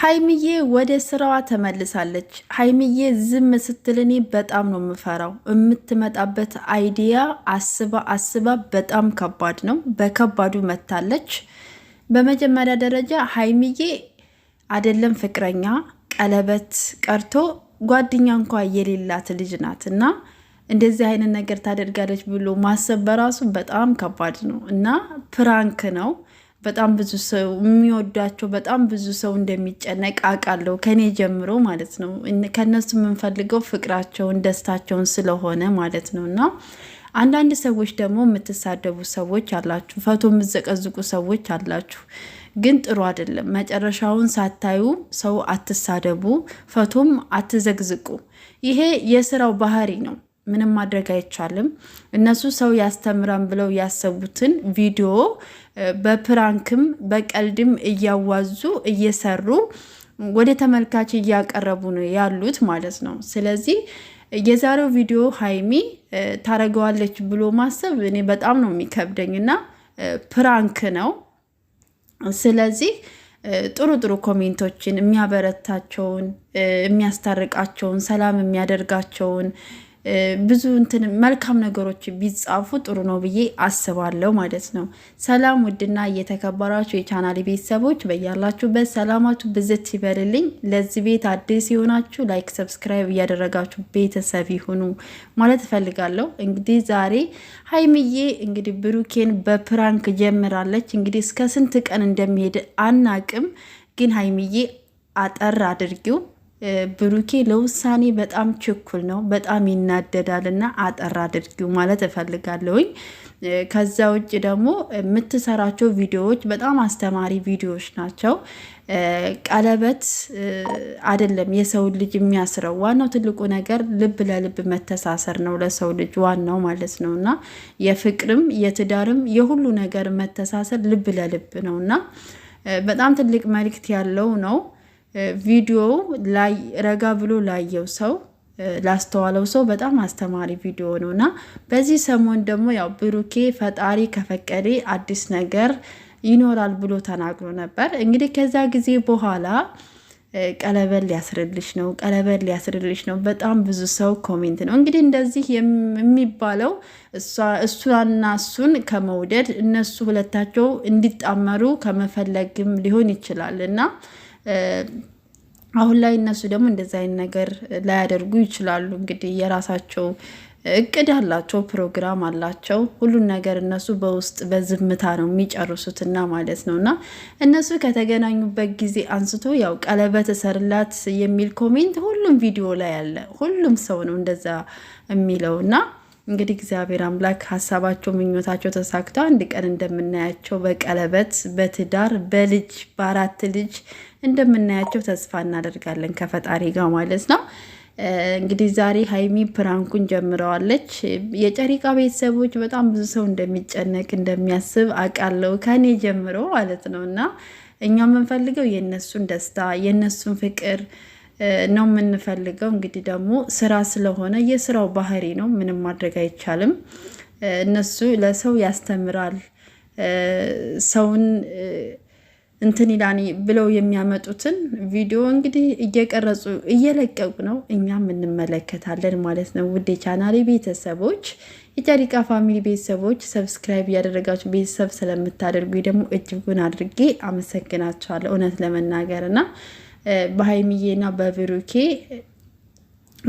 ሀይምዬ ወደ ስራዋ ተመልሳለች። ሀይምዬ ዝም ስትል እኔ በጣም ነው የምፈራው። የምትመጣበት አይዲያ አስባ አስባ በጣም ከባድ ነው። በከባዱ መታለች። በመጀመሪያ ደረጃ ሀይምዬ አይደለም ፍቅረኛ ቀለበት ቀርቶ ጓደኛ እንኳ የሌላት ልጅ ናት እና እንደዚህ አይነት ነገር ታደርጋለች ብሎ ማሰብ በራሱ በጣም ከባድ ነው እና ፕራንክ ነው በጣም ብዙ ሰው የሚወዷቸው በጣም ብዙ ሰው እንደሚጨነቅ አውቃለሁ፣ ከኔ ጀምሮ ማለት ነው። ከእነሱ የምንፈልገው ፍቅራቸውን፣ ደስታቸውን ስለሆነ ማለት ነው እና አንዳንድ ሰዎች ደግሞ የምትሳደቡ ሰዎች አላችሁ፣ ፈቶ የምዘቀዝቁ ሰዎች አላችሁ። ግን ጥሩ አይደለም። መጨረሻውን ሳታዩ ሰው አትሳደቡ፣ ፈቶም አትዘግዝቁ። ይሄ የስራው ባህሪ ነው። ምንም ማድረግ አይቻልም። እነሱ ሰው ያስተምራን ብለው ያሰቡትን ቪዲዮ በፕራንክም በቀልድም እያዋዙ እየሰሩ ወደ ተመልካች እያቀረቡ ነው ያሉት ማለት ነው። ስለዚህ የዛሬው ቪዲዮ ሀይሚ ታደርገዋለች ብሎ ማሰብ እኔ በጣም ነው የሚከብደኝ እና ፕራንክ ነው። ስለዚህ ጥሩ ጥሩ ኮሜንቶችን የሚያበረታቸውን፣ የሚያስታርቃቸውን፣ ሰላም የሚያደርጋቸውን ብዙ እንትን መልካም ነገሮች ቢጻፉ ጥሩ ነው ብዬ አስባለሁ ማለት ነው። ሰላም ውድና እየተከበራችሁ የቻናል ቤተሰቦች በያላችሁበት ሰላማችሁ ብዝት ይበልልኝ። ለዚህ ቤት አዲስ የሆናችሁ ላይክ፣ ሰብስክራይብ እያደረጋችሁ ቤተሰብ ይሁኑ ማለት እፈልጋለሁ። እንግዲህ ዛሬ ሀይምዬ እንግዲህ ብሩኬን በፕራንክ ጀምራለች። እንግዲህ እስከ ስንት ቀን እንደሚሄድ አናቅም፣ ግን ሀይምዬ አጠር አድርጊው ብሩኬ ለውሳኔ በጣም ችኩል ነው፣ በጣም ይናደዳል እና አጠር አድርጊው ማለት እፈልጋለሁኝ። ከዛ ውጭ ደግሞ የምትሰራቸው ቪዲዮዎች በጣም አስተማሪ ቪዲዮዎች ናቸው። ቀለበት አይደለም የሰውን ልጅ የሚያስረው። ዋናው ትልቁ ነገር ልብ ለልብ መተሳሰር ነው ለሰው ልጅ ዋናው ማለት ነው እና የፍቅርም የትዳርም የሁሉ ነገር መተሳሰር ልብ ለልብ ነው እና በጣም ትልቅ መልእክት ያለው ነው። ቪዲዮው ላይ ረጋ ብሎ ላየው ሰው ላስተዋለው ሰው በጣም አስተማሪ ቪዲዮ ነው እና በዚህ ሰሞን ደግሞ ያው ብሩኬ ፈጣሪ ከፈቀደ አዲስ ነገር ይኖራል ብሎ ተናግሮ ነበር። እንግዲህ ከዛ ጊዜ በኋላ ቀለበት ሊያስርልሽ ነው፣ ቀለበት ሊያስርልሽ ነው። በጣም ብዙ ሰው ኮሜንት ነው እንግዲህ እንደዚህ የሚባለው እሷና እሱን ከመውደድ እነሱ ሁለታቸው እንዲጣመሩ ከመፈለግም ሊሆን ይችላል እና አሁን ላይ እነሱ ደግሞ እንደዚህ አይነት ነገር ላያደርጉ ይችላሉ። እንግዲህ የራሳቸው እቅድ አላቸው፣ ፕሮግራም አላቸው። ሁሉን ነገር እነሱ በውስጥ በዝምታ ነው የሚጨርሱትና ማለት ነው። እና እነሱ ከተገናኙበት ጊዜ አንስቶ ያው ቀለበት እሰርላት የሚል ኮሜንት ሁሉም ቪዲዮ ላይ አለ። ሁሉም ሰው ነው እንደዛ የሚለው እና እንግዲህ እግዚአብሔር አምላክ ሀሳባቸው፣ ምኞታቸው ተሳክተ አንድ ቀን እንደምናያቸው በቀለበት በትዳር በልጅ በአራት ልጅ እንደምናያቸው ተስፋ እናደርጋለን ከፈጣሪ ጋር ማለት ነው። እንግዲህ ዛሬ ሀይሚ ፕራንኩን ጀምረዋለች። የጨሪቃ ቤተሰቦች በጣም ብዙ ሰው እንደሚጨነቅ እንደሚያስብ አውቃለሁ ከኔ ጀምሮ ማለት ነው እና እኛ የምንፈልገው የእነሱን ደስታ የእነሱን ፍቅር ነው የምንፈልገው። እንግዲህ ደግሞ ስራ ስለሆነ የስራው ባህሪ ነው፣ ምንም ማድረግ አይቻልም። እነሱ ለሰው ያስተምራል ሰውን እንትን ይላኒ ብለው የሚያመጡትን ቪዲዮ እንግዲህ እየቀረጹ እየለቀቁ ነው፣ እኛም እንመለከታለን ማለት ነው። ውድ የቻናሌ ቤተሰቦች፣ የጨሪቃ ፋሚሊ ቤተሰቦች ሰብስክራይብ እያደረጋችሁ ቤተሰብ ስለምታደርጉ ደግሞ እጅጉን አድርጌ አመሰግናችኋለሁ እውነት ለመናገር እና በሀይሚዬና በብሩኬ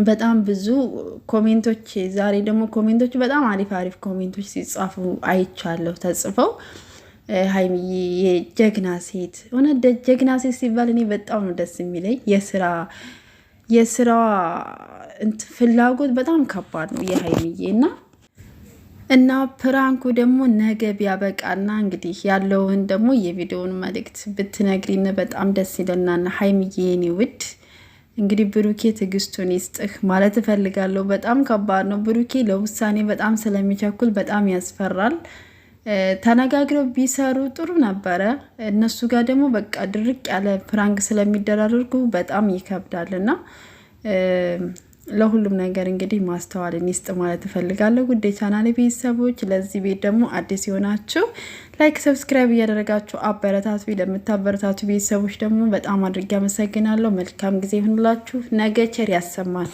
በጣም ብዙ ኮሜንቶች ዛሬ ደግሞ ኮሜንቶች በጣም አሪፍ አሪፍ ኮሜንቶች ሲጻፉ አይቻለሁ። ተጽፈው ሀይሚዬ የጀግና ሴት ሆነ ጀግና ሴት ሲባል እኔ በጣም ነው ደስ የሚለኝ። የስራ የስራ ፍላጎት በጣም ከባድ ነው የሀይሚዬ እና እና ፕራንኩ ደግሞ ነገ ቢያበቃና እንግዲህ ያለውን ደግሞ የቪዲዮውን መልእክት ብትነግሪን በጣም ደስ ይለናል። ሀይሚዬ የኔ ውድ እንግዲህ ብሩኬ ትዕግስቱን ይስጥህ ማለት እፈልጋለሁ። በጣም ከባድ ነው። ብሩኬ ለውሳኔ በጣም ስለሚቸኩል በጣም ያስፈራል። ተነጋግረው ቢሰሩ ጥሩ ነበረ። እነሱ ጋር ደግሞ በቃ ድርቅ ያለ ፕራንክ ስለሚደራርጉ በጣም ይከብዳል ይከብዳልና ለሁሉም ነገር እንግዲህ ማስተዋልን ይስጥ ማለት እፈልጋለሁ። ውድ የቻናሌ ቤተሰቦች፣ ለዚህ ቤት ደግሞ አዲስ የሆናችሁ ላይክ፣ ሰብስክራይብ እያደረጋችሁ አበረታቱ። ለምታበረታቱ ቤተሰቦች ደግሞ በጣም አድርጌ አመሰግናለሁ። መልካም ጊዜ ይሁንላችሁ። ነገ ቸር ያሰማል።